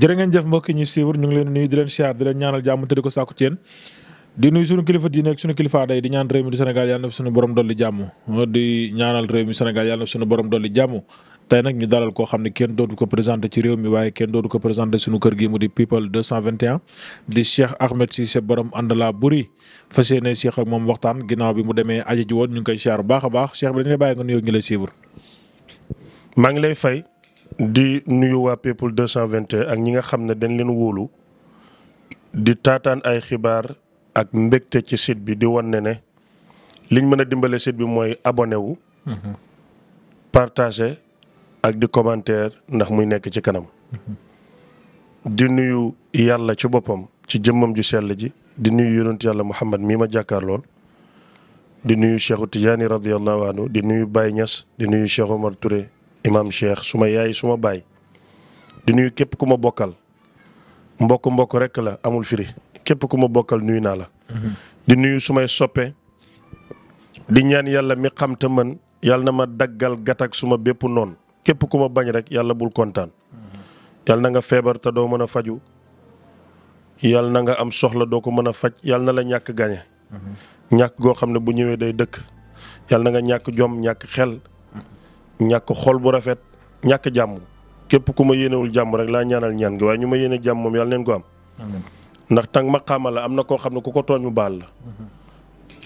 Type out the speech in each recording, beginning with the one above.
jërë ngeen jëf mbokk ñi siiwur ñu ngi leen nuyu di leen siyaar di leen ñaanal jàmm te di ko sàkku ci di nuyu suñu kilifa diine ak suñu kilifa day di ñaan réew mi du Sénégal yàlla na fi suñu borom dolli jàmm di ñaanal réew mi Sénégal yàlla na fi suñu borom dolli jàmm tey nag ñu dalal koo xam ne kenn dootu ko présenté ci réew mi waaye kenn dootu ko présenté suñu kër gi mu di people 221 di Cheikh Ahmed Cissé borom Andala Buri fas yéene Cheikh ak moom waxtaan ginnaaw bi mu demee aji ji woon ñu ngi koy siyaar bu baax a baax Cheikh bi dañu lay bàyyi nga nuyoo ngi lay suivre. maa ngi lay fay di nuyu waa people 221 ak ñi nga xam ne dañ leen wóolu di taataan ay xibaar ak mbégte ci site bi di wan ne ne liñ mën a dimbale site bi mooy abonné wu. Mhm. ak di commentaire ndax muy nekk ci kanam di nuyu yàlla ci boppam ci jëmmam ju sell ji di nuyu yonent yàlla Muhammad mii ma jàkkaar lool di nuyu Cheikhu Tidiane radiyallahu anhu di nuyu Baye Niass di nuyu Cheikh Omar Touré imam Cheikh suma yaay suma baay di nuyu képp ku ma bokkal mbokk mbokk rekk la amul firi képp ku ma bokkal nuyu naa la. di nuyu sumay soppe di ñaan yàlla mi xam te mën yàlla na ma daggal gàtt suma bépp noonu. képp ku ma bañ rek yàlla bul kontaan yàlla na nga feebar te doo mën a faju yàlla na nga am soxla doo ko mën a faj yàlla na la ñàkk gañe ñàkk goo xam ne bu ñëwee day dëkk yàlla na nga ñàkk jom ñàkk xel ñàkk xol bu rafet ñàkk jàmm képp ku ma yéenewul jàmm rek laa ñaanal ñaan gi waaye ñu ma yéene jàmm moom yàlla neen ko am ndax tàng maqaama la am na koo xam ne ku ko tooñ mu baal la mhm.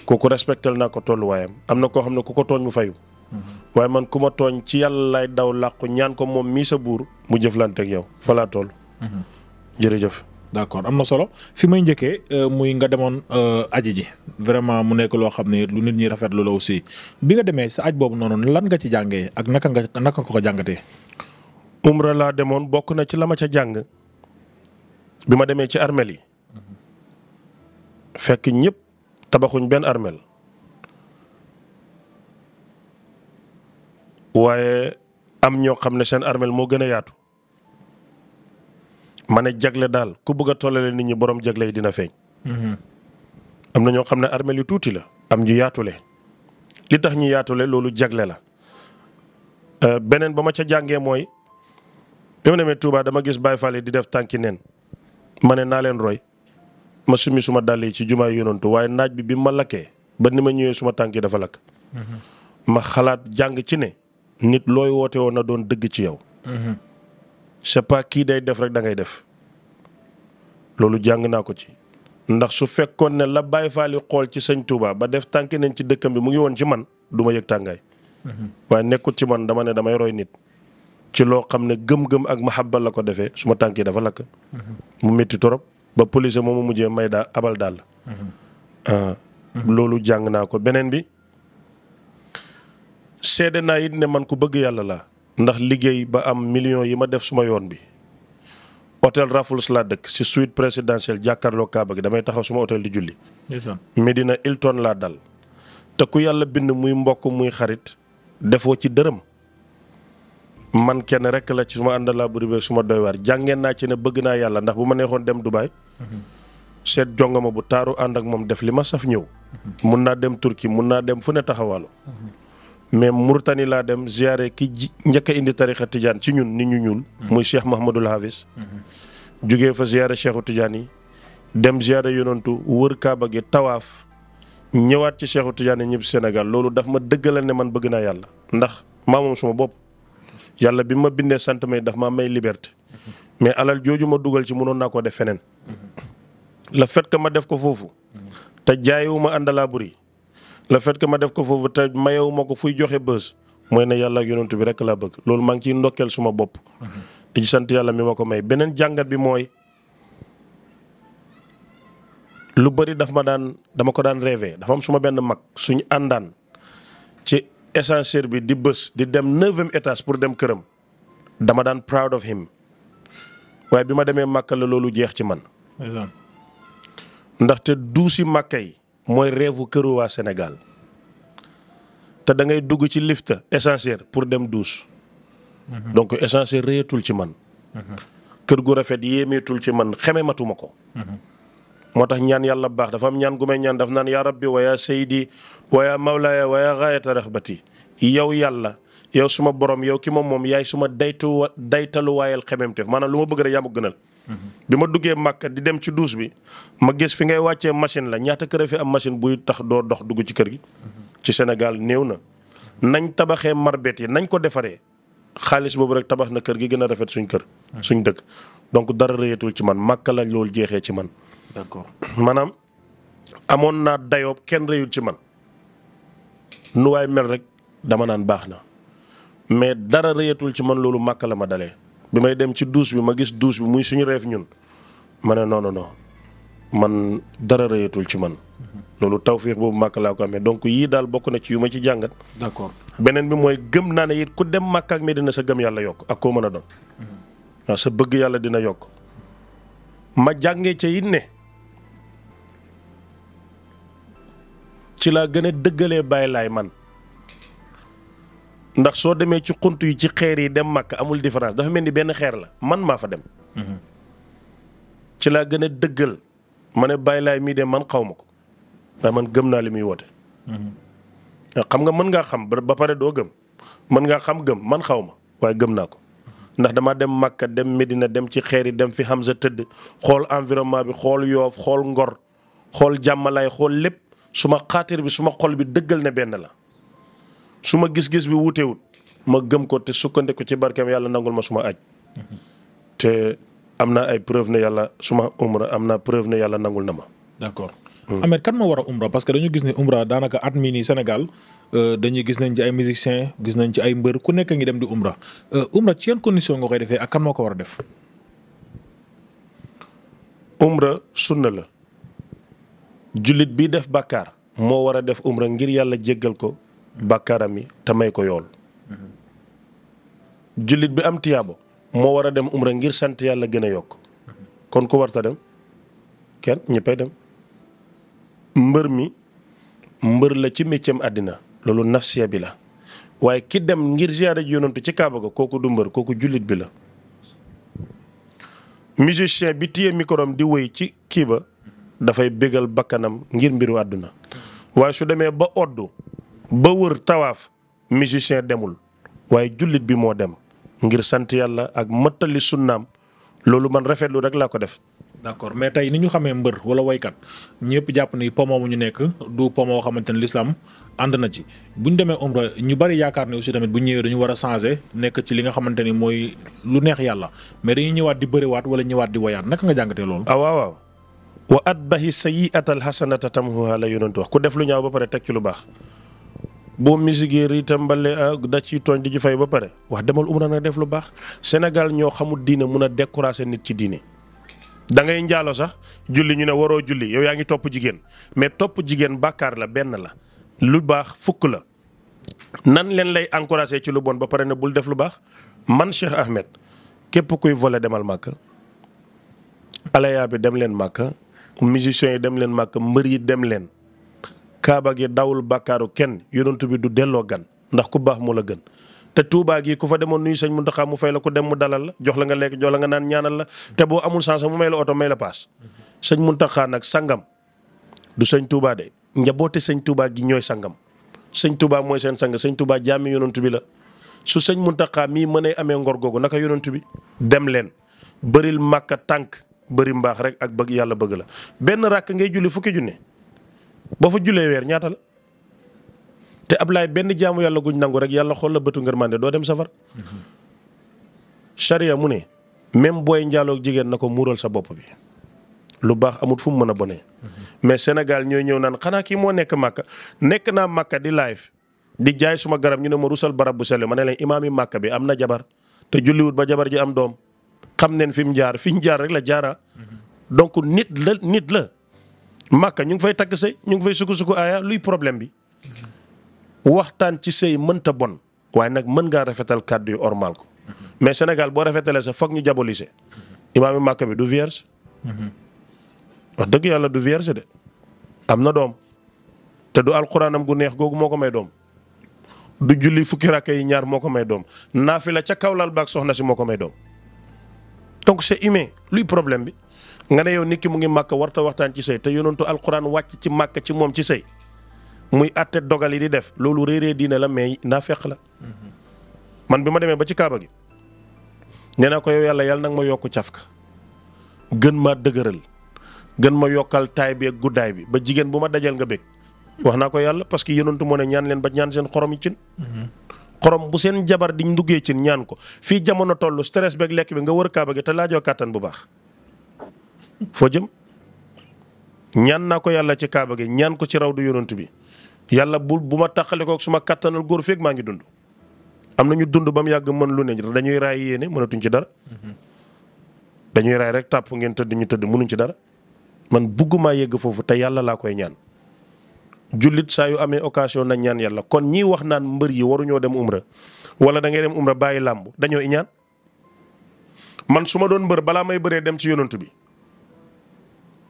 kooku respectel naa ko tolluwaayam am na koo xam ne ku ko tooñ mu fayu waaye man ku ma tooñ ci yàlla lay daw làqu ñaan ko moom mii sa buur mu jëflante ak yow fa laa toll. Mhm. jërëjëf. d'accord am na solo fi may njëkkee euh, muy nga demoon euh, aji ji vraiment mu nekk loo xam ne lu nit ñi rafetlu la aussi bi nga demee sa aj boobu noonu lan nga ci jàngee ak naka nga naka ko ko jàngatee. umra laa demoon bokk na ci la ma ca jàng bi ma demee ci armel yi mhm. fekk ñëpp tabaxuñ benn armel waaye am ñoo xam ne seen armeel moo gën a yaatu ma ne jagle daal ku bëgg a tollale nit ñi borom jagle yi dina feeñ. am na ñoo xam ne armeel yu tuuti la am ñu yaatule li tax ñu yaatule loolu jagle la euh, beneen ba ma ca jàngee mooy bi ma demee Touba dama gis Baye Fall di def tànki neen ma ne naa leen roy ma summi suma dàll yi ci jumaa yu yonantu waaye naaj bi bi ma lakkee ba ni ma ñëwee suma tànk dafa lakk. Mm-hmm. ma xalaat jàng ci ne. nit looy woote woon na doon dëgg ci yow. Mhm. c'est pas kii day def rek dangay def loolu jàng naa ko ci. ndax su fekkoon ne la Baye Fall xool ci sëñ Touba ba def tànk nañ ci dëkkam bi mu ngi woon ci man du ma yëg tàngaay. Mhm. waaye nekkul ci man dama ne damay roy nit. ci loo xam ne gëm-gëm ak mahabba la ko defee su ma tànk yi dafa lakk. Mhm. mu métti torop ba moom moomu mujjee may daa abal daal. Ah, loolu jàng naa ko beneen bi. seede naa it ne man ku bëgg yàlla la ndax liggéey ba am million yi ma def suma yoon bi hôtel Raffles laa dëkk si suite présidentielle jàkkaarloo Kaaba gi damay taxaw suma hôtel di julli. Medina ilton laa dal te ku yàlla bind muy mbokk muy xarit defoo ci dërëm. man kenn rekk la ci suma àndalaa buri be suma doy waar jàngeen naa ci ne bëgg naa yàlla ndax bu ma neexoon dem Dubaay. seet jongama bu taaru ànd ak moom def li ma saf ñëw. Mhm. mun naa dem Turquie mun naa dem fu ne mais Murtani laa dem ziare ki njëkk a indi tarixa tijaan ci ñun nit ñu ñuul. Hmm. muy cheikh Mahmadul Hafiz. Hmm. jugee fa ziare cheikhu tijaan yi dem ziare yonantu wër Kaaba gi tawaaf ñëwaat ci cheikhu tijaan yi ñëpp Sénégal loolu daf ma dëggalal ne man bëgg naa yàlla ndax maa moom suma bopp yàlla bi ma bindee sant may daf maa may liberté hmm. mais alal jooju ma dugal ci mënoon naa ko def feneen. le fait que ma def ko foofu te jaayiwu ànd àndalaa le fait que ma def ko foofu te mayewu ma ko fuy joxe bës mooy na yàlla yonontu bi rek laa bëgg loolu maa ngi ciy ndokkeel suma bopp. Mhm. di sant yàlla mi ma ko may beneen jàngat bi mooy lu bëri dafa ma daan dama ko daan rêvé dafa am suma benn mag suñu àndaan ci ascenseur bi di bës di dem neuvième étage pour dem këram dama daan proud of him waaye bi ma demee Màkka la loolu jeex ci man. ndaxte duusi Màkka yi mooy réewu këru waa Sénégal te dangay dugg ci lift ascenseur pour dem douche. Mhm. donc ascenseur réyatul ci man. Mhm. kër gu rafet yéemeetul ci man xemematuma ko. Mhm. moo tax ñaan yàlla baax dafa am ñaan gu may ñaan daf naan yaa rabbi wa yaa saydi wa yaa mawlaaya wa yaa gaayata raxbati yow yàlla yow suma borom yow ki ma moom yaay suma daytu daytaluwaayal xememteef maanaam lu ma bëgg rek yaa ma gënal. bi ma duggee màkka di dem ci douche bi ma gis fi ngay wàccee machine la ñaata kër fi am machine buy tax doo dox dugg ci kër gi. ci Sénégal néew na nañ tabaxee marbet yi nañ ko defaree xaalis boobu rek tabax na kër gi gën a rafet suñ kër. suñ dëkk donc dara rëyatul ci man màkka la loolu jeexee ci man. d'accord maanaam amoon naa dayoob kenn rëyul ci man nu waay mel rek dama naan baax na mais dara rëyatul ci man loolu màkka la ma dalee. bi may dem ci douche bi ma gis douche bi muy suñu reef ñun ma ne non non man dara rëyatul ci man. loolu tawféex boobu màkk laa ko amee donc yii daal bokk na ci yu ma ci jàngat. d'accord beneen bi mooy gëm naa ne it ku dem màkk ak dina sa gëm yàlla yokk ak koo mën a doon. Mm-hmm. waaw sa bëgg yàlla dina yokk ma jàngee ca it ne ci laa gën a dëggalee bàyyi laay man. ndax soo demee ci xunt yi ci xeer yi dem màkk amul différence dafa mel ni benn xeer la man maa fa dem. Mhm. ci laa gën a dëggal ma ne bàyyi laay mii de man xaw ma ko waaye man gëm naa li muy woote. Mhm. xam nga mën ngaa xam ba pare doo gëm mën ngaa xam gëm man xaw ma waaye gëm naa ko ndax dama dem Makka dem Medina dem ci xeer yi dem fi Hamza tëdd xool environnement bi xool Yoof xool Ngor xool jàmmalaay xool lépp suma xaatir bi suma xol bi dëggal ne benn la. su ma gis-gis bi wuutewut ma gëm ko te sukkandiku ci barkeem yàlla nangul ma suma aj te am naa ay preuve ne yàlla suma umra am naa preuve ne yàlla nangul na ma. d'accord hmm. Ameth kan moo war a umra parce que dañu gis ni umra daanaka at mii nii Sénégal euh, dañuy gis nañ ci ay musiciens gis nañ ci ay mbër ku nekk ngi dem di umra euh, umra ci yan condition nga koy defee ak kan moo ko war a def. umra sunna la jullit bi def bàkkaar moo war a def umra ngir yàlla jéggal ko bàkkaaram yi te may ko yool jullit bi am tiyaabo moo war a dem umra ngir sant yàlla gën a yokk kon ku warta dem kenn ñëppay dem mbër mi mbër la ci méccam àddina loolu nafsiya bi la waaye ki dem ngir ziyaara ji yonantu ci kaaba ga kooku du mbër kooku jullit bi la musicien bi téye mikorom di wéy ci kii ba dafay bégal bakkanam ngir mbiru àdduna waaye su demee ba oddu ba wër tawaaf musicien demul waaye jullit bi moo dem ngir sant yàlla ak mëttali sunnaam loolu man rafetlu rek laa ko def. d'accord mais tey ni ñu xamee mbër wala waykat ñëpp jàpp ni pomo mu ñu nekk du pomo xamante ne l'islam ànd na ci bu ñu demee umra ñu bari yaakaar ne aussi tamit bu ñëwee dañu war a changer nekk ci li nga xamante ni mooy lu neex yàlla mais dañuy ñëwaat di bëriwaat wala ñëwaat di woyaat naka nga jàngatee loolu. ah waaw waaw wa at bahi sayyi'atal hasanata def lu ñaaw ba pare teg ci lu baax. boo musique itam ba da ciy tooñ di ci fay ba pare wax demal umra na def lu baax Sénégal ñoo xamul diine mun a décourager nit ci diine. da ngay njaalo sax julli ñu ne waroo julli yow yaa ngi topp jigéen mais topp jigéen bàkkaar la benn la lu baax fukk la nan leen lay encourager ci lu bon ba pare ne bul def lu baax man Cheikh Ahmed képp kuy volé demal màkk alaya bi dem leen màkk musiciens yi dem leen màkk mbër yi dem leen. kaaba gi dawul bàkkaaru kenn yonent bi du delloo gan ndax ku baax moo la gën te Touba gi ku fa demoon nuyu sëñ Muntaxa mu fay la ku dem mu dalal la jox la nga lekk jox la nga naan ñaanal la te boo amul sens mu may la oto may la paas sëñ Muntaxa nag sangam du sëñ tuubaa de njaboote sëñ Touba gi ñooy sangam sëñ Touba mooy seen sang sëñ Touba jaami yonent bi la su sëñ Muntaxa mii mën a amee ngor googu naka yonent bi dem leen baril màkka tànk bëri mbaax rek ak bëgg yàlla bëgg la benn ràkk ngay julli fukki junne boo fa julee weer ñaata la te laay benn jaamu yàlla guñ nangu rek yàlla xool la bëtu ngërmande doo dem safar. charia mu ne même booy njaaloog jigéen na ko muural sa bopp bi lu baax amut fu mu mën a bonee. mais Sénégal ñooy ñëw naan xanaa kii moo nekk Màkka nekk naa Màkka di live di jaay suma garab ñu ne ma rusal barab bu sell ma ne leen imaam yi Màkka bi am na jabar te julliwut ba jabar ji am doom xam neen fi mu jaar fi ñu jaar rek la jaara mhm. donc nit la la. màkka ñu ngi fay takk sëy ñu ngi fay suku-suku aaya luy problème bi waxtaan ci sëy mënta bon waaye nag mën ngaa rafetal kàddu yu ormal ko mais Sénégal boo rafetalee sa foog ñu jabolise imaam yi màkka bi du vierge wax dëgg yàlla du vierge de am na doom te du alxuraanam gu neex googu moo ko may doom du julli fukki rakk yi ñaar moo ko may doom la ca kawlal baag soxna si moo ko may doom donc c'est humain luy problème bi nga ne yow nit ki mu ngi màkk warta waxtaan ci sëy te yonantu alquran wàcc ci màkk ci moom ci sëy muy àtte dogal yi di def loolu réeree diine la mais naa feq la man bi ma demee ba ci kaaba gi nee naa ko yow yàlla yàlla nag ma yokk cafka gën ma dëgëral gën ma yokkal taay bi guddaay bi ba jigéen bu ma dajal nga bég wax naa ko yàlla parce que yonantu moo ne ñaan leen ba ñaan seen xorom yi cin xorom bu seen jabar diñ duggee cin ñaan ko fii jamono toll stress beeg lekk bi nga wër kaaba gi te laajoo kàttan bu baax foo jëm ñaan naa ko yàlla ci kaaba gi ñaan ko ci raw du yonent bi yàlla bu bu ma taxale ko suma kattanal góor feeg maa ngi dund am na ñu dund ba mu yàgg mën lu ne dañuy raay yéene mënatuñ ci dara dañuy raay rek tàpp ngeen tëdd ñu tëdd mënuñ ci dara man bëggumaa yegg foofu te yàlla laa koy ñaan jullit saa yu amee occasion na ñaan yàlla kon ñii wax naan mbër yi waruñoo dem umra wala da ngay dem umra bàyyi làmb dañoo ñaan man su ma doon mbër balaa may bëree dem ci yonent bi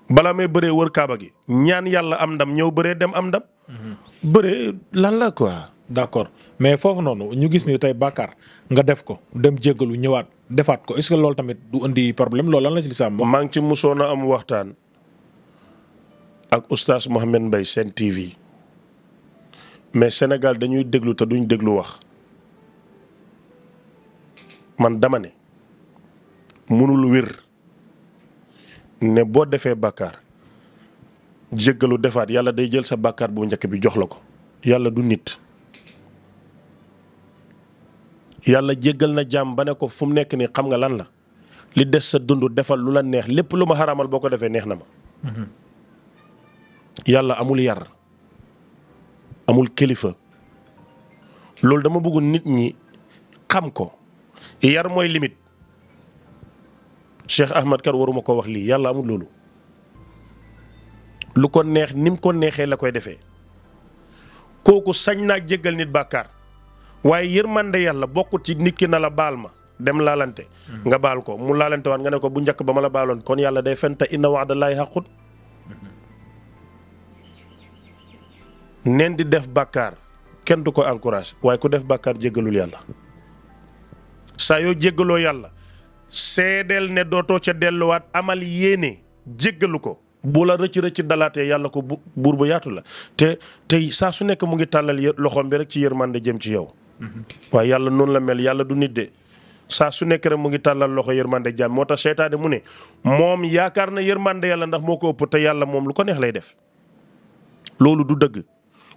balaa may bëree wër kaaba gi ñaan yàlla am ndam ñëw bëree dem am ndam. bëree lan la quoi. d'accord mais foofu noonu ñu gis ni tey bàkkaar nga def ko dem jéggalu ñëwaat defaat ko est-ce que loolu tamit du indi problème loolu lan la ci lislaam maa ngi ci musoon a am waxtaan ak oustaz Mohamed mbay seen TV mais Sénégal dañuy déglu te duñ déglu wax man dama ne mënul wér. ne boo defee bàkkaar jéggalu defaat yàlla day jël sa bàkkaar bu njëkk bi jox la ko yàlla du nit yàlla jéggal na jaam ba ne ko fu mu nekk nii xam nga lan la li des sa dund defal lu la neex lépp lu ma xaraamal boo ko defee neex na ma mhm. yàlla amul yar amul kilifa loolu dama bëgg nit ñi xam ko yar mooy limite Cheikh Ahmad kat waruma ko wax lii yàlla amul loolu lu ko neex nim ko neexee la koy defee kooku sañ naa jéggal nit bàkkaar waaye yërmande yàlla bokkut ci nit na la baal ma dem laalante. Hmm. nga baal ko mu laalante waat nga ne ko bu njëkk ba ma la baaloon kon yàlla day fenta inna wa'dallaahi haqqun hmm. neen di def bàkkaar kenn du ko encourage waaye ku def bàkkaar jéggalul yàlla saa yoo jéggaloo yàlla seedeel ne dootoo ca delluwaat amal yéene jéggalu ko bu la rëcc rëcc dalaatee yàlla ko bu buur bu yaatu la te tey saa su nekk mu ngi tàllal loxoom bi rek ci yërmande jëm ci yow. waaye yàlla noonu la mel yàlla du nit de saa su nekk rek mu ngi tàllal loxo yërmande jàmm moo tax seytaane mu ne moom yaakaar na yërmande yàlla ndax moo ko ëpp te yàlla moom lu ko neex lay def loolu du dëgg.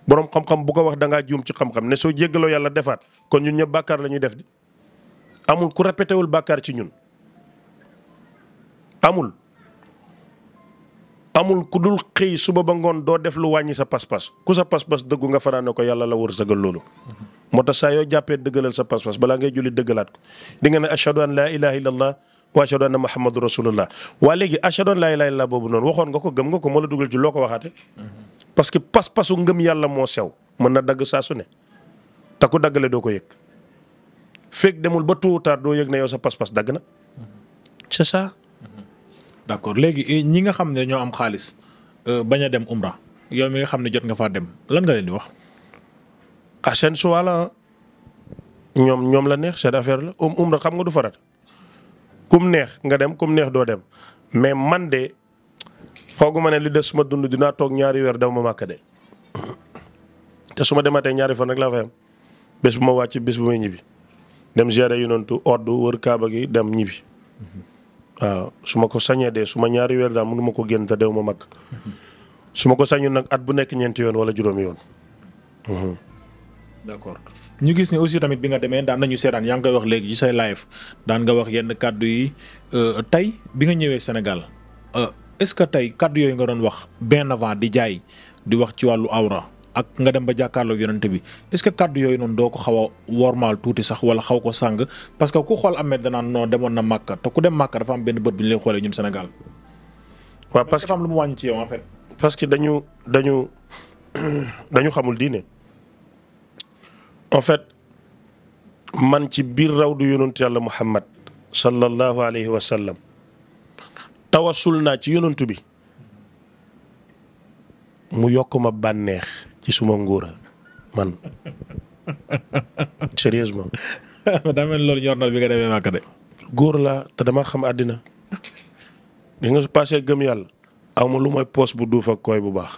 borom xam-xam bu ko wax da ngaa juum ci xam-xam ne soo jéggaloo yàlla defaat kon ñun ñëpp bàkkaar la ñuy def di amul ku répété wul bàkkaar ci ñun amul amul ku dul xëy suba ba ngoon doo def lu wàññi sa pas-pas ku sa pas-pas dëggu nga fanaane ko yàlla la wërsëgal loolu moo tax saa yoo jàppee dëggalal sa pas-pas ngay julli dëggalaat ko di nga ne ashhadu an laa ilaha illallah wa ashhadu anna muhammadu rasulullah waa léegi ashhadu an laa ilaha illallah boobu noonu waxoon nga ko gëm nga ko moo la dugal ci loo ko waxaate parce que pas-pasu ngëm yàlla moo sew mën na dagg saa su ne te ku daggale doo ko yëg fekk demul ba tôt ou tard doo yëg na yoo sa pas-pas dagg na d' accord léegi eh, ñi nga xam ne ñoo am xaalis euh, bañ a dem umra yow mi nga xam ne jot nga faa dem lan nga leen di wax. ah seen choix la ah. ñoom ñoom la neex seen affaire la um, umra xam nga du farat kum neex nga dem kum neex doo dem mais man de fooguma ne li des suma dund dinaa toog ñaari weer daw ma màkk de te su ma dematee ñaari fan rek laa fay am bés bu ma wàcc bés bu ñibbi dem gérer yu noonu tu wër kaaba gi dem ñibbi. Mm-hmm. waaw su ma ko sañee de su ma ñaari weer daal mënu ma ko génn te dew ma mag su ma ko sañoon nag at bu nekk ñeenti yoon wala juróomi yoon. Mhm. d'accord ñu gis ni aussi tamit bi nga demee daan nañu seetaan yaa ngi koy wax léegi ci say live daan nga wax yenn kàddu yi euh, tey bi nga ñëwee Sénégal euh, est-ce que tey kàddu yooyu nga doon wax benn avant di jaay di wax ci wàllu awra. ak nga dem ba jàkkaarloog yonent bi est-ce que kàddu yooyu noonu doo ko xaw a wormaal tuuti sax wala xaw ko sàng parce que ku xool Ahmed danaan non demoon na Màkka te ku dem Màkka dafa am benn bët bi ñu lay xoolee ñun Sénégal. waa parce que dafa am lu ci yow en parce que dañu dañu dañu xamul diine en fait man ci biir rawdu yonent yàlla Muhammad sallallahu alayhi wa sallam tawasul naa ci yonent bi mu yokk ma bànneex suma ngóora man sérieusement. loolu ñor na bi nga demee Màkka góor laa te dama xam àddina. bi nga su paasee gëm yàlla. aw ma lu mooy poos bu duuf ak koy bu baax.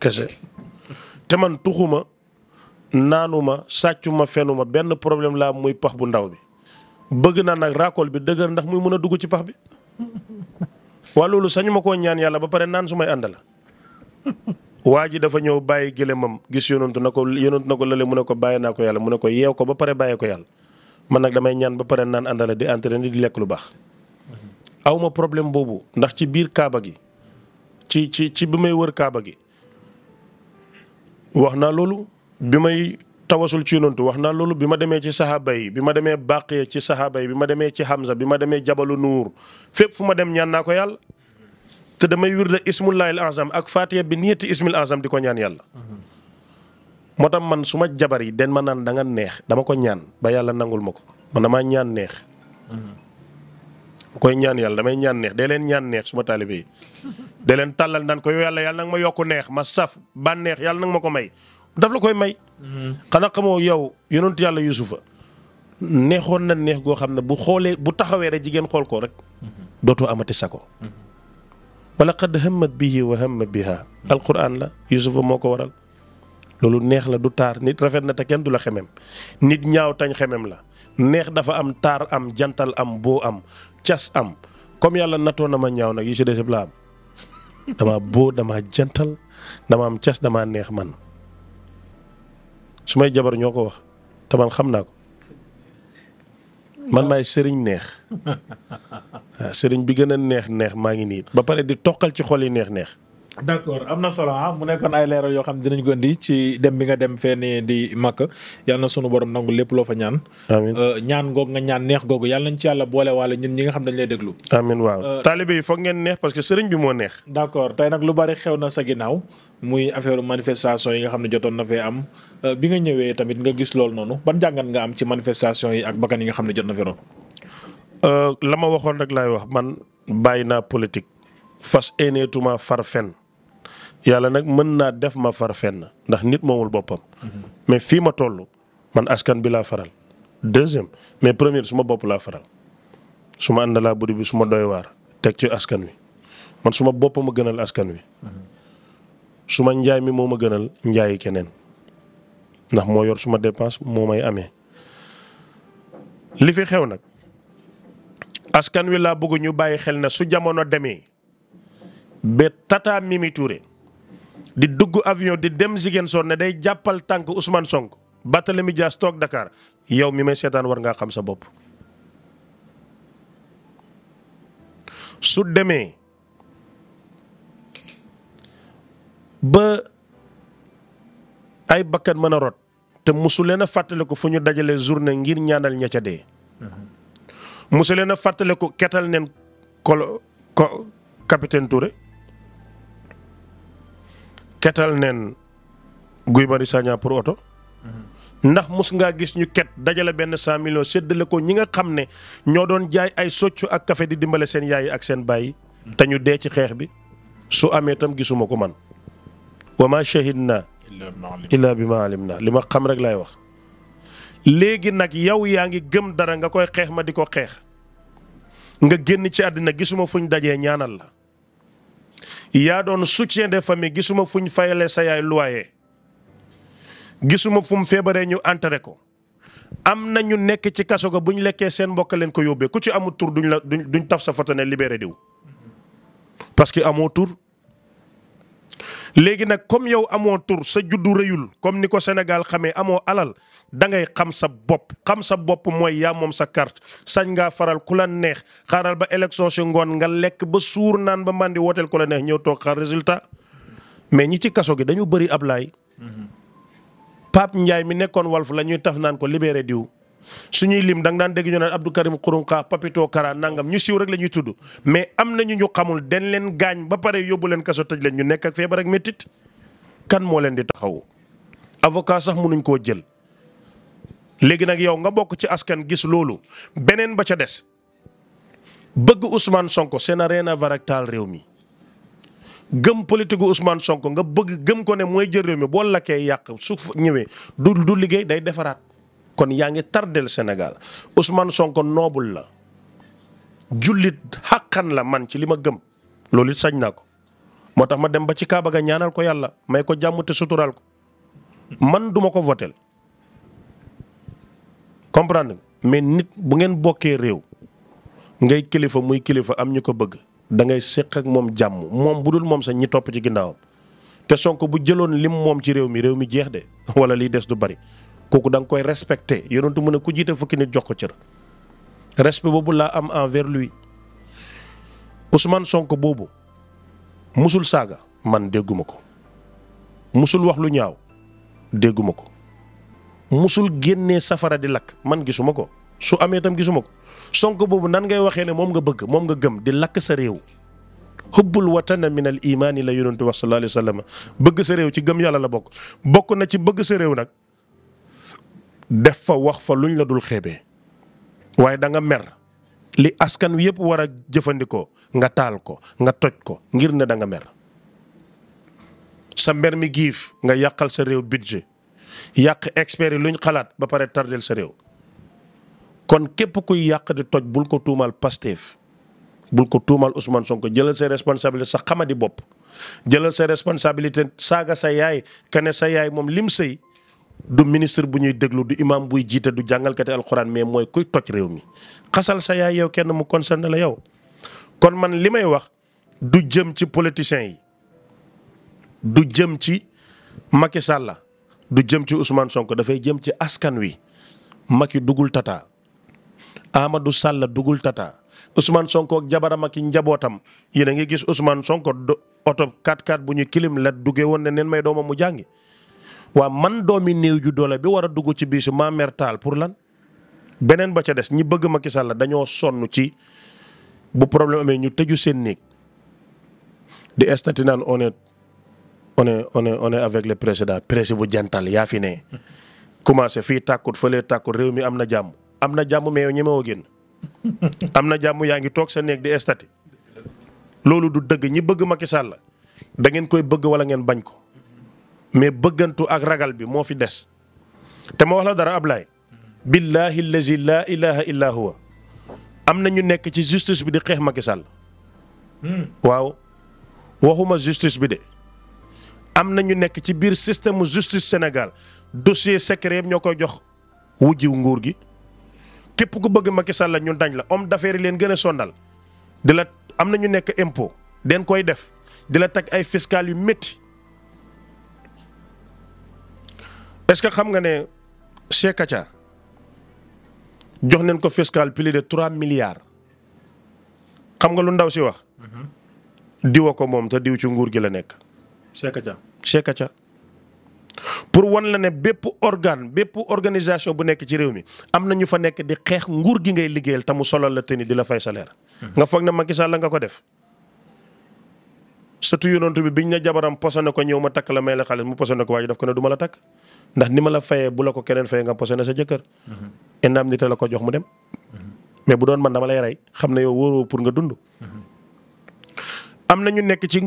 kese te man tuxuma naanuma sàccuma fenuma benn problème laa muy pax bu ndaw bi. bëgg naa nag raakool bi dëgër ndax muy mën a dugg ci pax bi. waa loolu sañu ma koo ñaan yàlla ba pare naan su may ànd la waa ji dafa ñëw bàyyi gëléemam gis yonantu na ko yonantu na ko lale mu ne ko bàyyi naa ko yàlla mu ne ko yeew ko ba pare bàyyi ko yàlla man nag damay ñaan ba pare naan àndale di entraîné di lekk lu baax. aw ma problème boobu ndax ci biir Kaaba gi ci ci ci bi may wër Kaaba gi wax naa loolu bi may tawasul ci yonantu wax naa loolu bi ma demee ci saxaaba yi bi ma demee Baqi ci saxaaba yi bi ma demee ci Hamza bi ma demee Jabalu Nuur fépp fu ma dem ñaan naa ko yàlla. te damay wirde ismullahil azam ak fatiha bi niyati ismil azam di ko ñaan yàlla. moo tax man suma jabar yi den ma naan da neex dama ko ñaan ba yàlla nangul ma ko man damaa ñaan neex. koy ñaan yàlla damay ñaan neex dee leen ñaan neex su ma taalibe yi dee leen tàllal naan ko yow yàlla yàlla nag ma yokk neex ma saf ba yàlla nag ma ko may daf la koy may. xanaa xamoo yow yonent yàlla yusufa neexoon na neex goo xam ne bu xoolee bu taxawee rek jigéen xool ko rek dootoo amati sa wala qad hammat bihi wa hamma biha alquran la yusufa moo ko waral loolu neex la du taar nit rafet na te kenn du la xemem nit ñaaw tañ xemem la neex dafa am taar am jantal am boo am cas am comme yàlla natoon na ma ñaaw nag yi si desib la am dama boo dama jantal dama am cas dama neex man su may jabar ñoo ko wax te man xam naa ko man maay sëriñ neex waaw ah, sëriñ bi gën a neex neex maa ngi nii ba pare di toqal ci xol yi neex neex. d' am na solo ah mu nekkoon ay leeral yoo xam ne dinañ ko di ci dem bi nga dem fee nii di Makka yal na sunu borom nangu lépp loo fa ñaan. amiin euh, ñaan googu nga ñaan neex googu yal nañ ci yàlla boole waale ñun ñi nga xam dañ lay déglu. amiin waaw euh, taalibe yi foog ngeen neex parce que sëriñ bi moo neex. d' accord tey nag lu bari xew na sa ginnaaw. muy affaire manifestation yi nga xam ne jotoon na fee am euh, bi nga ñëwee tamit nga gis loolu noonu ban jàngat nga am ci manifestation yi ak bakkan yi nga xam ne jot na fi ron. Euh, la ma waxoon rek laay wax man bàyyi naa politique fas éneetuma far fenn yàlla nag mën naa def ma far fenn ndax nit moomul boppam. Mm-hmm. mais fii ma toll man askan bi laa faral. deuxième mais première su ma bopp laa faral su ma àndalaa buri bi suma ma doy waar teg ci askan wi man su ma bopp ma gënal wi. Mm-hmm. suma njaay mi moo ma gënal njaay keneen ndax moo yor suma dépense moo may amee li fi xew nag askan wi laa bëgg ñu bàyyi xel na su jamono demee ba Tata Mimi Touré di dugg avion di dem Ziguinchor ne day jàppal tànk Ousmane sonk Barthélémy Dias toog Dakar yow mi may seetaan war ngaa xam sa bopp su demee ba ay bakkan mën a rot te mosu leen a fàttale ko fu ñu dajalee journée ngir ñaanal ña ca dee. mosu leen a fàttaliku ketal neen kolo ko capitaine Touré ketal neen Guy Marius Sagna pour oto. ndax mos ngaa gis ñu ket dajale benn cent millions seddale ko ñi nga xam ne ñoo doon jaay ay soccu ak café di dimbale seen yaay ak seen baay. te ñu dee ci xeex bi su amee tam gisuma ko man. wa ma shahidna illaa bi ma alim na li ma xam rek laay wax léegi nag yow yaa ngi gëm dara nga koy xeex ma di ko xeex nga génn ci àddina gisuma fuñ dajee ñaanal la yaa doon soutien de famille gisuma fuñ fayalee sa yaay luwaaye gisuma fu mu feebaree ñu enterré ko am na ñu nekk ci kaso ga bu ñu lekkee seen mbokk leen ko yóbbee ku ci amul tur duñ la duñ taf sa foto ne libéré diw parce amoo tur léegi nag comme yow amoo tur sa juddu rëyul comme ni ko Sénégal xamee amoo alal da ngay xam sa bopp xam sa bopp mooy yaa moom sa carte sañ nga faral ku la neex xaaral ba élection si ngoon nga lekk ba suur naan ba màndi wooteel ku la neex ñëw toog xaar résultat mais ñi ci kaso gi dañu bëri Ablaay mhm. Pape Ndiaye mi nekkoon Walf la ñuy taf naan ko libéré diw suñuy lim da nga daan dégg ñu naan Abdou Karim Xurunqa Papito karaa nangam ñu siiw rek la ñuy tudd mais am nañu ñu xamul den leen gaañ ba pare yóbbu leen kaso tëj leen ñu nekk ak feebar ak méttit kan moo leen di taxawu avocat sax mënuñ koo jël léegi nag yow nga bokk ci askan gis loolu beneen ba ca des bëgg Ousmane Sonko seen rien à ak taal réew mi gëm politique gu Ousmane Sonko nga bëgg gëm ko ne mooy jël réew mi boo lakkee yàq su ñëwee du du liggéey day defaraat. kon yaa ngi tardel Sénégal Ousmane Sonko noobul la jullit xàqan la man ci li ma gëm loolu it sañ naa ko moo tax ma dem ba ci Kaaba ga ñaanal ko yàlla may ko jàmm te suturaal ko man duma ko votel comprendre mais nit bu ngeen bokkee réew ngay kilifa muy kilifa am ñu ko bëgg dangay ngay séq ak moom jàmm moom bu dul moom sax ñi topp ci ginnaawam te Sonko bu jëloon lim moom ci réew mi réew mi jeex de wala liy des du bari kooku danga nga koy respecté yonentu mu ne ku jiite fukki nit jox ko cër respect boobu laa am envers lui Ousmane sonk boobu musul saaga man dégguma ko musul wax lu ñaaw dégguma ko musul génnee safara di lakk man gisuma ko su amee tam gisuma ko Sonko boobu nan ngay waxee ne moom nga bëgg moom nga gëm di lakk sa réew xubbul watana min al imaani la yonentu wax sallallahu alayhi wa sallam bëgg sa réew ci gëm yàlla la bokk bokk na ci bëgg sa réew nag def fa wax fa luñ la dul xeebee waaye danga mer li askan wi yëpp war a jëfandikoo nga taal ko nga toj ko ngir ne da nga mer sa mber mi giif nga yàqal sa réew budget yàq expert yi luñ xalaat ba pare tardel sa réew kon képp kuy yàq di toj bul ko tuumal Pastef bul ko tuumal Ousmane Sonko jëlal sa responsabilité sa xamadi bopp jëlal sa responsabilité saaga sa yaay kane sa yaay moom lim sëy du ministre bu ñuy déglu du imam buy jiite du jàngalkati alxuraan mais mooy kuy toj réew mi xasal sa yaay yow kenn mu concerné la yaw kon man li may wax du jëm ci politiciens yi du jëm ci Macky Sall du jëm ci Ousmane Sonko dafay jëm ci askan wi Macky duggul tata Amadou Sall dugul tata Ousmane Sonko ak jabaram ak njabootam yéen a ngi gis Ousmane Sonko oto 4x4 bu ñu kilim la duggee woon ne neen may doomam mu jàngi. waa man doomi néew ju doole bi war a dugg ci biisu maa mer taal pour lan beneen ba ca des ñi bëgg makki sàlla dañoo sonn ci bu problème amee ñu tëju seen néeg di estati naan on on est on avec le président président bu jantal yaa fi ne. commencé fii tàkkut fële tàkkut réew mi am na jàmm am na jàmm mais yow ñemewoo génn am na jàmm yaa ngi toog sa néeg di estati loolu du dëgg ñi bëgg Macky Sall la da ngeen koy bëgg wala ngeen bañ ko. mais bëggantu ak ragal bi moo fi des te ma wax la dara Ablaye billaahi allazi laa ilaha illa huwa am na ñu nekk ci justice bi di xeex Macky Sall hmm. waaw waxuma justice bi de am na ñu nekk ci biir système justice Sénégal dossier secret yëpp ñoo koy jox wujjiw nguur gi képp ku bëgg Macky Sall la ñun dañ la homme d'affaires yi leen gën a sondal di la am na ñu nekk impôt den koy def di la teg ay fiscal yu métti est que xam nga ne Cheikh Kacha jox neen ko fiscal plus de trois milliards xam nga lu ndaw si wax. Mm-hmm. diwa ko moom te diw ci nguur gi la nekk. Cheikh Kacha Cheikh Kacha pour wan la ne bépp organe bépp organisation bu nekk ci réew mi am na ñu fa nekk di xeex nguur gi ngay liggéeyal te mu solal la te di la fay salaire. Mm-hmm. nga foog ne Macky Sall la nga ko def. surtout yonent bi biñ na jabaram posone ko ñëw ma takk la may la xaalis mu posone ko waaye daf ko ne du ma la takk. ndax ni ma la fayee bu la ko keneen fayee nga posé na sa jëkkër. Mm-hmm. innaam nit la ko jox mu dem. Mm-hmm. mais bu doon man dama lay rey xam ne yow wóoroo pour nga dund. Mm-hmm. am na ñu nekk ci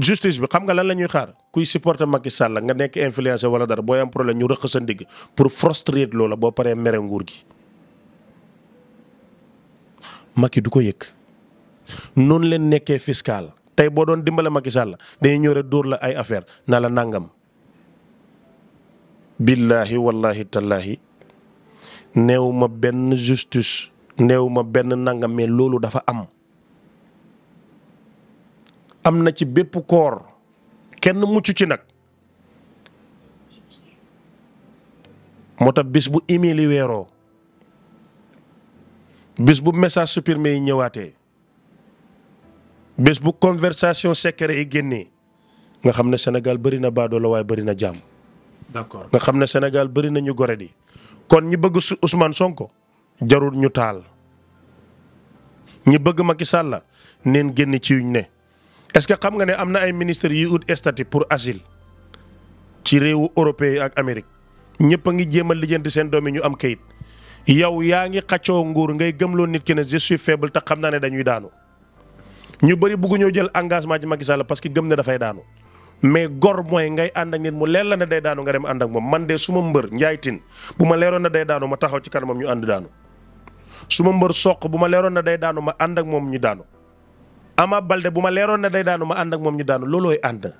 justice bi xam nga lan la ñuy xaar kuy supporter Macky Sall nga nekk influenceur wala dara booy am problème ñu rëq sa ndigg pour frustrer loola boo paree mere nguur gi. Macky du ko yëg noonu leen nekkee fiscal tey boo doon dimbale Macky Sall dañuy ñëw rek dóor la ay affaire naa la nangam. billaahi wallaahi tallaahi néew ma benn justice néew ma benn nangam mais loolu dafa am am na ci bépp koor kenn mucc ci nag moo tax bis bu email yi bis bu message supprimé yi ñëwaatee bis bu conversation secret yi génnee nga xam ne senegal bëri na baadoo waaye bëri na jàmm d'accord nga xam ne Sénégal bëri nañu gore di kon ñi bëgg Ousmane Sonko jarul ñu taal ñi bëgg Macky la neen génn ci yuñ ne est-ce xam nga ne am na ay ministres yu ut statut pour asile ci réewu européen ak Amérique ñëpp a ngi jéem a lijjanti seen doom yi ñu am kayit yow yaa ngi xaccoo nguur ngay gëmloo nit ki ne je suis faible te xam naa ne dañuy daanu ñu bëri bëgguñoo jël engagement ci Macky Sall parce que gëm ne dafay daanu. mais gor mooy ngay ànd ak nit mu leer la ne day daanu nga dem ànd ak moom man de suma ma mbër njaaytin bu ma leeroon na day daanu ma taxaw ci kanamam ñu ànd daanu su ma mbër soq bu ma leeroon na day daanu ma ànd moom ñu daanu ama balde bu ma leeroon na day daanu ma ànd moom ñu daanu loolooy ànd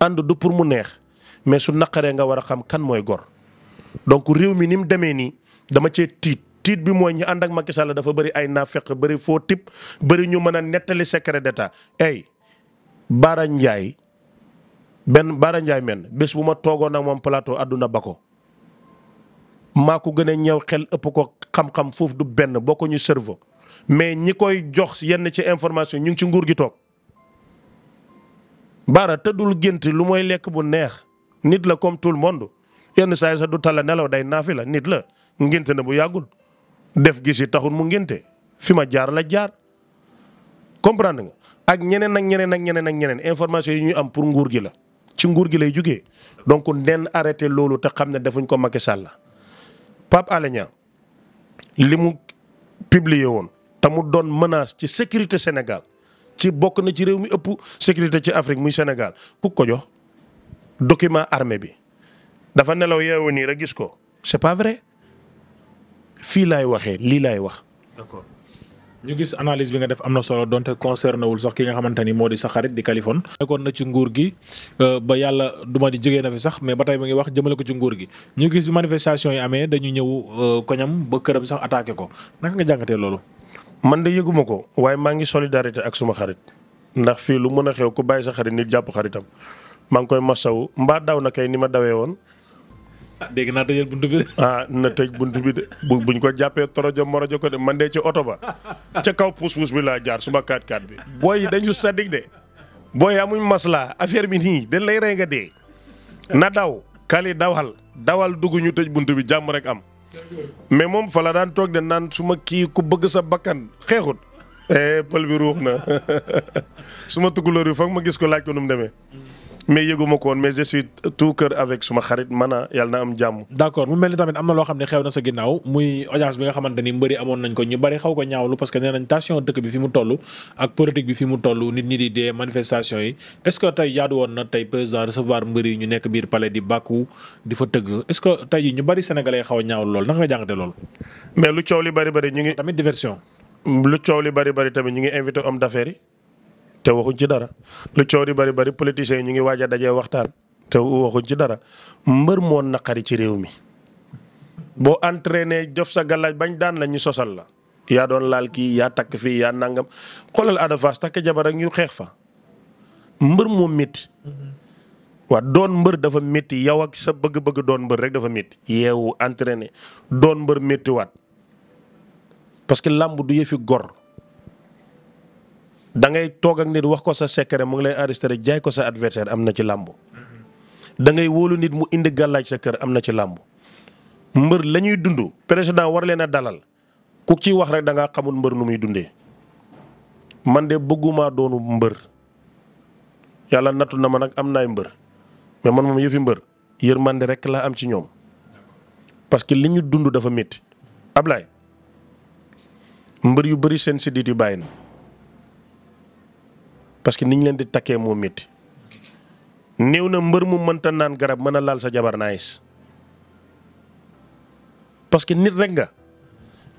ànd du pour mu neex mais su naqaree nga war a xam kan mooy gor donc réew mi ni mu demee nii dama cee tiit tiit bi mooy ñu ànd ak Macky Sall dafa bëri ay naa feq bëri foo type bëri ñu mën a nettali secret d'état ay Bara Ndiaye benn Baara Ndiaye men bés bu ma toogoon ak moom plateau àdduna ba ko maa ko gën a ñëw xel ëpp ko xam-xam foofu du benn bokku ñu mais ñi koy jox yenn ci information ñu ngi ci nguur gi toog Baara tëddul gént lu mooy lekk bu neex nit la comme tout le monde yenn saa yi sax nelaw day naafi la nit la ngénte na bu yàggul def gis yi taxul mu ngénte fi ma jaar la jaar comprendre nga ak ñeneen ak ñeneen ak ñeneen ak ñeneen information yi ñuy am pour nguur gi la. ci nguur gi lay jógee donc nen arrêté loolu te xam ne defuñ ko Macky Sall Pape Alé Niang li mu publier woon te mu doon menace ci sécurité Sénégal ci bokk na ci réew mi ëpp sécurité ci Afrique muy Sénégal ku ko jox document armée bi dafa nelaw yeewu nii rek gis ko c'est pas vrai fii lay waxee lii laay wax. ñu gis analyse bi nga def am na solo donte concerné wul sax ki nga xamante ni moo di sa xarit di kalifon nekkoon na ci nguur gi euh, ba yàlla duma di jógee na fi sax mais ba tey mu ngi wax jëmale ko ci nguur gi ñu gis bi manifestation yi amee dañu ñëw euh, koñam ba këram sax attaqué ko naka nga jàngatee loolu. man de yëguma ko waaye maa ngi solidarité ak suma xarit ndax fii lu mën a xew ku bàyyi sa xarit nit jàpp xaritam maa ngi koy masawu mbaa daw na kay ni ma dawee woon. dégg naa tëjal bunt bi de. ah na tëj buntu bi de bu buñ ko jàppee torojo morojo ko de man de ci oto ba ca kaw puus-puus bi laa jaar suma 4 x bi. booy yi dañu sadik de booy yi amuñ maslaa affaire bi nii dañ lay rey nga dee na daw kali dawal dawal dugg tëj bunt bi jàmm rek am mais moom fa la daan toog de naan su ma kii ku bëgg sa bakkan xeexut. Eh, pël bi ruux na su ma tukulóor bi foog ma gis ko laaj ko nu mu demee. mais yëguma ko woon mais je tout cœur avec suma xarit man a yàlla na am jàmm. d' accord mu mel ni tamit am na loo xam ne xew na sa ginnaaw muy audience bi nga xamante ni mbëri amoon nañ ko ñu bari xaw ko ñaawlu parce que nee nañ tension dëkk bi fi mu toll ak politique bi fi mu toll nit ñi di dee manifestation yi est ce que tey yaadu woon na tey président recevoir mbëri yi ñu nekk biir palais di bàkku di fa tëgg est ce que tey jii ñu bari sénégalais xaw a ñaawlu lool naka nga jàngatee mais lu coow li bari bari ñu ngi. tamit diversion. lu coow li bari tamit ñu ngi invité homme d'affaires te waxuñ ci dara lu coow di bari bari politiciens ñu ngi waaj a dajee waxtaan te waxuñ ci dara mbër moo naqari ci réew mi boo entraîné jof sa galaaj bañ daan la ñu sosal la. yaa doon laal kii yaa takk fii yaa nangam xoolal Ada Fass jabar ak ñu xeex fa mbër moo métti. waa doon mbër dafa métti yow ak sa bëgg-bëgg doon mbër rek dafa métti. yeewu mbër métti waat parce que làmb du yëfi gor. da ngay toog ak nit wax ko sa secret mu ngi lay arrêté jaay ko sa adversaire am na ci làmb da ngay wóolu nit mu indi gàllaaj sa kër am na ci làmb mbër lañuy dund président war leen a dalal ku ci wax rek da ngaa mbër nu muy dundee man de bëgguma doonu mbër yàlla nattu na ma nag am naay mbër mais man moom yëfi mbër yërmande rek laa am ci ñoom parce que li ñu dund dafa métti Ablaye mbër yu bari seen siddiit yi bàyyi na. parce que niñ leen di takkee moo métti néew na mbër mu mënta naan garab mën a laal sa jabar parce que nit rek nga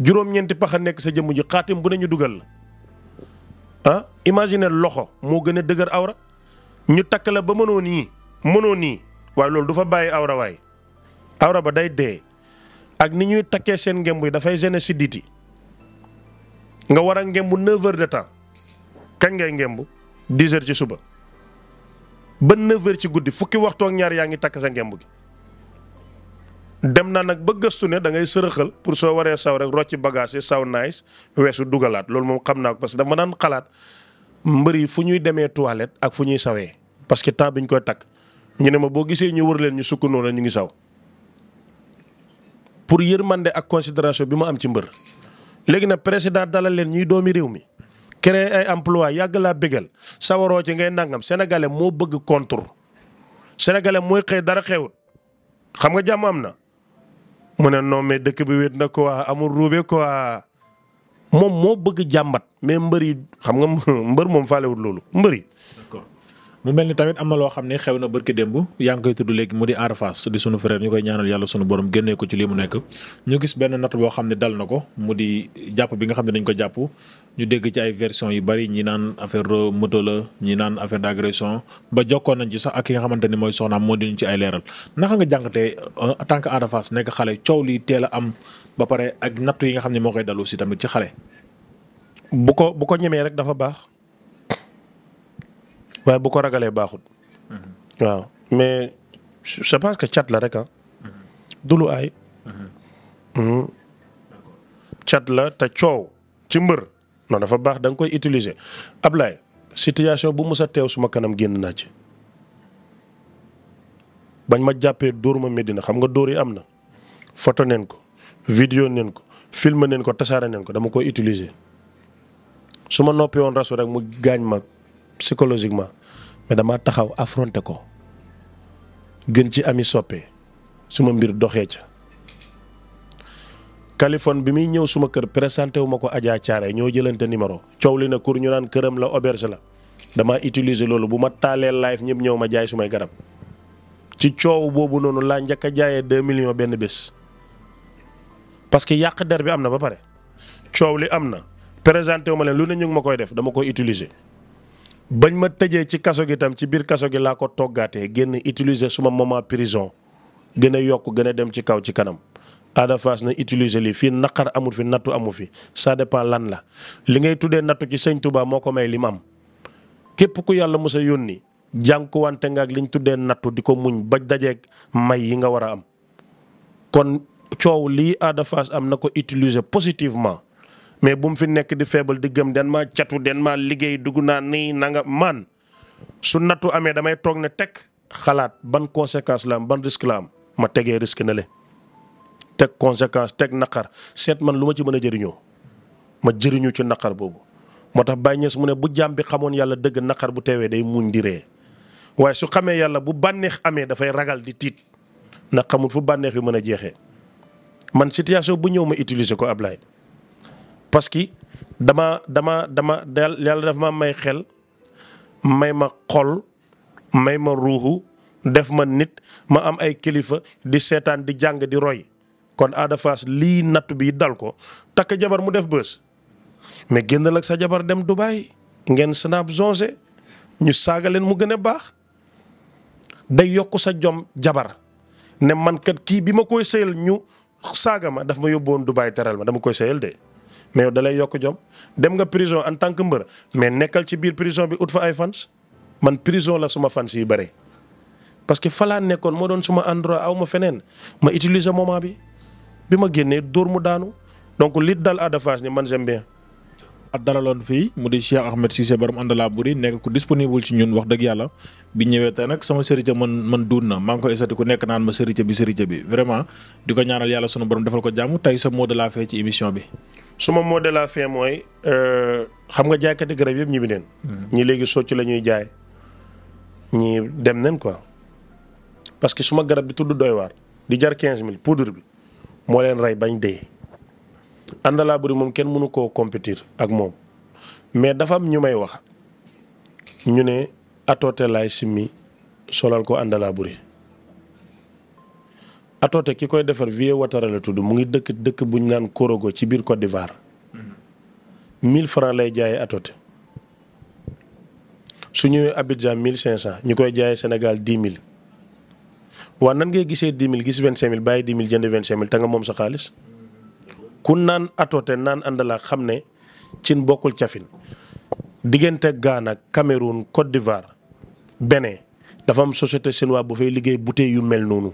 juróom-ñeenti pax a nekk sa jëmm ji xaatim bu ne ñu dugal la ah imagine loxo moo gën a dëgër awra ñu takk la ba mënoo nii mënoo nii waaye loolu du fa bàyyi awra waay awra ba day dee ak ni ñuy takkee seen ngemb yi dafay gêner sidditi nga war a ngemb 9 heures de temps kañ ngay ngemb dix heures ci suba ba neuf ci guddi fukki waxtu ñaar yaa ngi takk sa ngemb gi dem na nag ba gëstu ne da ngay sërëxal pour soo waree saw rek rocci bagage yi saw nice weesu dugalaat loolu moom xam naa ko parce que dama daan xalaat mbër yi fu ñuy demee toilette ak fu ñuy sawee parce que temps bi ñu koy takk ñu ne ma boo gisee ñu wër leen ñu sukkandoo la ñu ngi saw pour yër yërmande ak consideration bi ma am ci mbër léegi nag président dalal leen ñuy doomi réew mi. créer ay emploi yàgg laa bégal sawaroo ci ngay nangam sénégalais moo bëgg contre sénégalais mooy xëy dara xewut xam nga jàmm am na. mu ne non mais dëkk bi wéet na ko quoi amul ruube quoi moom moo bëgg jàmbat mais mbër yi xam nga mbër moom faalewut loolu mbër yi mu mel ni tamit am na loo xam ne xew na barki démb yaa ngi koy tudd léegi mu di Ada di sunu frère ñu koy ñaanal yàlla sunu borom génnee ko ci lii mu nekk ñu gis benn natt boo xam ne dal na ko mu di jàpp bi nga xam ne dañ ko jàpp ñu dégg ci ay version yu bari ñi naan affaire moto la ñi naan affaire d'agression ba jokkoon nañ ci sax ki nga xamante ni mooy soxnaam moo di ñu ci ay leeral naka nga jàngatee euh, en tant que Ada nekk xale coow lii teel a am ba pare ak natt yi nga xam ne moo koy dal aussi tamit ci xale. bu ko bu ko ñemee rek dafa baax. waaye bu ko ragalee baaxut. Mm-hmm. waaw mais cest parce que cat la rek ah. Mm-hmm. du lu aay. Mm-hmm. cat la te coow ci mbër non dafa baax da nga koy utiliser Ablaye situation bu mus a teew suma kanam génn naa ci. bañ ma jàppee dóor ma na xam nga dóor yi am na photo neen ko vidéo neen ko film neen ko tasaare neen ko dama koy utiliser su ma noppi woon rasu rek mu gaañ ma psychologiquement mais dama taxaw affronter ko gën ci ami soppe ma mbir doxee ca Kalifone bi muy ñëw suma kër présenté wu ko Adja Thiaré ñoo jëlante numéro coow li na kur ñu naan këram la auberge la dama utiliser loolu bu ma taalee live ñëpp ñëw ma jaay sumay garab ci coow boobu noonu laa njëkk a jaayee 2 millions benn bés. parce que yàq der bi am na ba pare coow li am na présenté wu ma leen lu ne ñu ma koy def dama koy utiliser. bañ ma tëjee ci kaso gi tam ci biir kaso gi laa ko toggaatee génn utiliser suma moment prison gën a yokk gën a dem ci kaw ci kanam Ada Fass na utiliser li fii naqar amul fi nattu amu fi ça dépend lan la li ngay tuddee nattu ci sëñ Touba moo ko may li am képp ku yàlla mos a yónni jànkuwante nga ak liñ tuddee nattu di ko muñ ba dajeeg may yi nga war a am kon coow lii Ada am na ko utiliser positivement mais bu mu fi nekk di feebal di gëm den maa catu den maa liggéey dugg naa nii nanga nga man su nattu amee damay toog ne teg xalaat ban conséquence la am ban risque la am ma tegee risque na le teg conséquence teg naqar seet man lu ma ci mën a jëriñoo ma jëriñu ci naqar boobu moo tax Baye Niass mu ne bu jàmm bi xamoon yàlla dëgg naqar bu teewee day muñ di ree waaye su xamee yàlla bu bànneex amee dafay ragal di tiit ndax xamul fu bànneex bi mën a jeexee man situation bu ñëw ma utiliser ko Ablaye parce que dama dama dama yàlla dafa ma may xel may ma xol may ma ruuxu def ma nit ma am ay kilifa di seetaan di jàng di roy kon Ada Fass lii natt bi dal ko takk jabar mu def bës mais génnal ak sa jabar dem Dubaay ngeen snap zonge ñu saaga leen mu gën a baax day yokk sa jom jabar ne man kat kii bi ma koy sëyal ñu saaga ma daf ma yóbboon Dubaay teral ma dama koy sëyal de mais dalay yokk jom dem nga prison en tant que mbër mais nekkal ci biir prison bi ut fa ay fans man prison la suma fans yi bare parce que falaa nekkoon moo doon suma endroit aw ma feneen ma utiliser moment bi bi ma génnee dóor mu daanu donc li dal Ada Fass ni man j'aime at dalaloon fii mu di Cheikh Ahmed Cissé borom àndalaa buri nekk ku disponible ci ñun wax dëgg yàlla bi ñëwee tey nag sama sërite man man duun na maa ngi ko esati ku nekk naan ma sërite bi sërite bi vraiment di ko ñaanal yàlla sunu borom defal ko jàmm tey sa mot de la fin ci émission bi. suma mot de la fin mooy euh, xam nga jaaykati garab yëpp ñibbi neen. Hmm. ñi léegi socc la ñuy jaay ñi dem nañ quoi parce que suma garab bi tudd doy waar di jar 15000 poudre bi moo leen rey bañ dee. àndalaa bëri moom kenn mënu koo compétir ak moom mais dafa am ñu may wax ñu ne atoote laay simmi solal ko àndalaa bëri atoote ki koy defar Vieux Ouattara la tudd mu ngi dëkk dëkk bu ñu naan Korogo ci biir Côte d'Ivoire 1000 mm-hmm. francs lay jaayee atoote su ñëwee Abidjan 1500 ñu koy jaayee Sénégal 10 000 waa nan ngay gisee 10 000 gis 25 000 bàyyi jënd 25 te nga moom sa xaalis. ku naan atoote naan àndala xam ne cin bokkul cafin diggante Ghana Cameroun Côte d'Ivoire Bénin dafa am société chinoise bu fay liggéey bouteille yu mel noonu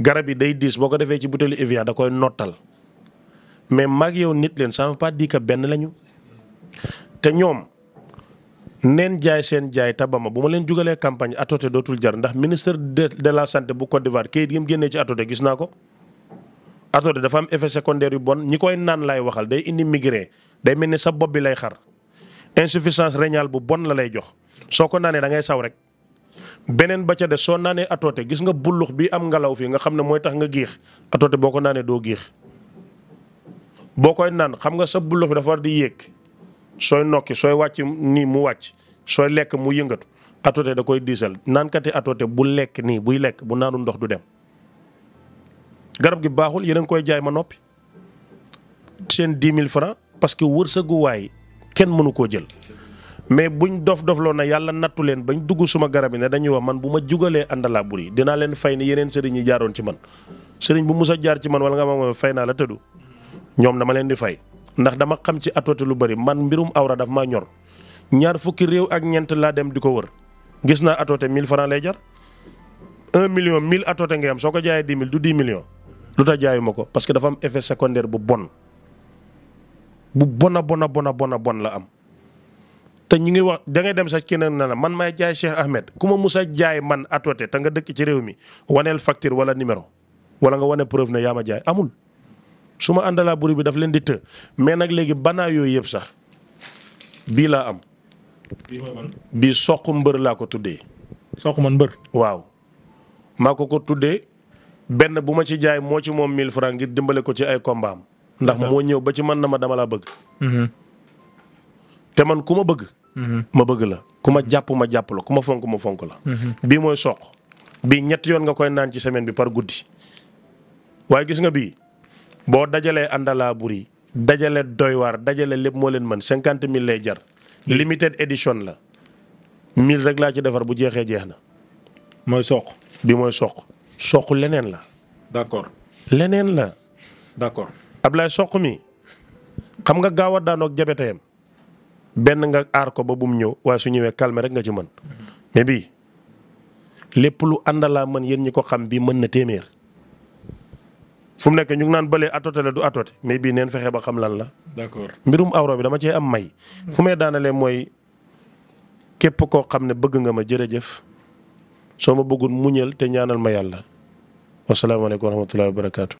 garab yi day diis boo ko defee ci bouteille Evian da koy nottal mais mag yow nit leen ça ne veut pas dire que benn lañu te ñoom neen jaay seen jaay tabama bu ma leen jugalee campagne atoote dootul jar ndax ministre de de la santé bu Côte d'Ivoire kayit gi mu génnee ci atoote gis naa ko. attardé dafa am effet secondaire yu bon ñi koy naan laay waxal day indi migraine day mel ni sa bopp bi lay xar insuffisance rénale bu bon la lay jox soo ko naanee da ngay saw rek. beneen ba ca des soo naanee atoote gis nga bullux bi am ngelaw fii nga xam ne mooy tax nga giix atoote boo ko naanee doo giix boo koy naan xam nga sa bullux bi dafa war di yéeg sooy nokki sooy wàcc nii mu wàcc sooy lekk mu yëngatu atoote da koy diisal naankati atoote bu lekk nii buy lekk bu naanu ndox du dem. garab gi baaxul yéen a koy jaay ma noppi seen dix mille francs parce que wërsëgu waay kenn mënu koo jël mais buñ dof dofloo na yàlla nattu leen bañ dugg suma garab yi ne dañuy wax man bu ma jugalee àndalaa buri dinaa leen fay ni yeneen sëriñ yi jaaroon ci man sëriñ bu mus a jaar ci man wala nga ma fay naa la tëddu ñoom dama leen di fay ndax dama xam ci atooti lu bari man mbirum awra dafa ma ñor ñaar fukki réew ak ñeent laa dem di ko wër gis naa atoote 1000 francs lay jar 1 million 1000 atoote ngay am soo ko jaayee lu tax jaayuma ko parce que dafa am effet secondaire bu bon bu bona bona bona bona bon la am te ñu ngi wax da ngay dem sax keneen na la man may jaay Cheikh Ahmed ku ma mus jaay man atoote te nga dëkk ci réew mi waneel facture wala numéro wala nga wane preuve ne yaa ma jaay amul su ma àndalaa buri bi daf leen di të mais nag léegi banaa yooyu yëpp sax bii laa am. bii bii soq mbër laa ko tuddee. soq man mbër. waaw ko tuddee. benn bu ma ci jaay moo ci moom mille francs ngir dimbale ko ci ay kombaam ndax moo ñëw ba ci man na ma dama laa bëgg. Mm-hmm. te man ku ma bëgg. Mm-hmm. ma bëgg la ku ma jàpp ma jàpp la ku ma fonk ma fonk la. Mm-hmm. bii mooy soq bii ñetti yoon nga koy naan ci semaine bi par guddi waaye gis nga bii boo dajalee àndalaa buri dajale doy waar dajale lépp moo leen mën cinquante mille lay jar limited edition la mille rek laa ci defar bu jeexee jeex na. mooy soq. bii mooy soq soq leneen la. d'accord leneen la. d'accord Ablaye soq mi xam nga gaaw a daanoog jabeteem benn nga aar ko ba bu mu ñëw waaye su ñëwee calmer rek nga ci mën mais bii lépp lu àndalaa mën yéen ñi ko xam bi mën na téeméer fu mu nekk ñu ngi naan bële atote la du atote mais bii neen fexe ba xam lan la. d'accord mbirum awro bi dama cee am may. fu may daanalee mooy képp koo xam ne bëgg nga ma jërëjëf. soo ma bëggoon muñal te ñaanal ma yàlla wasalaamaaleykum wa rahmatullahi wa barakaatu.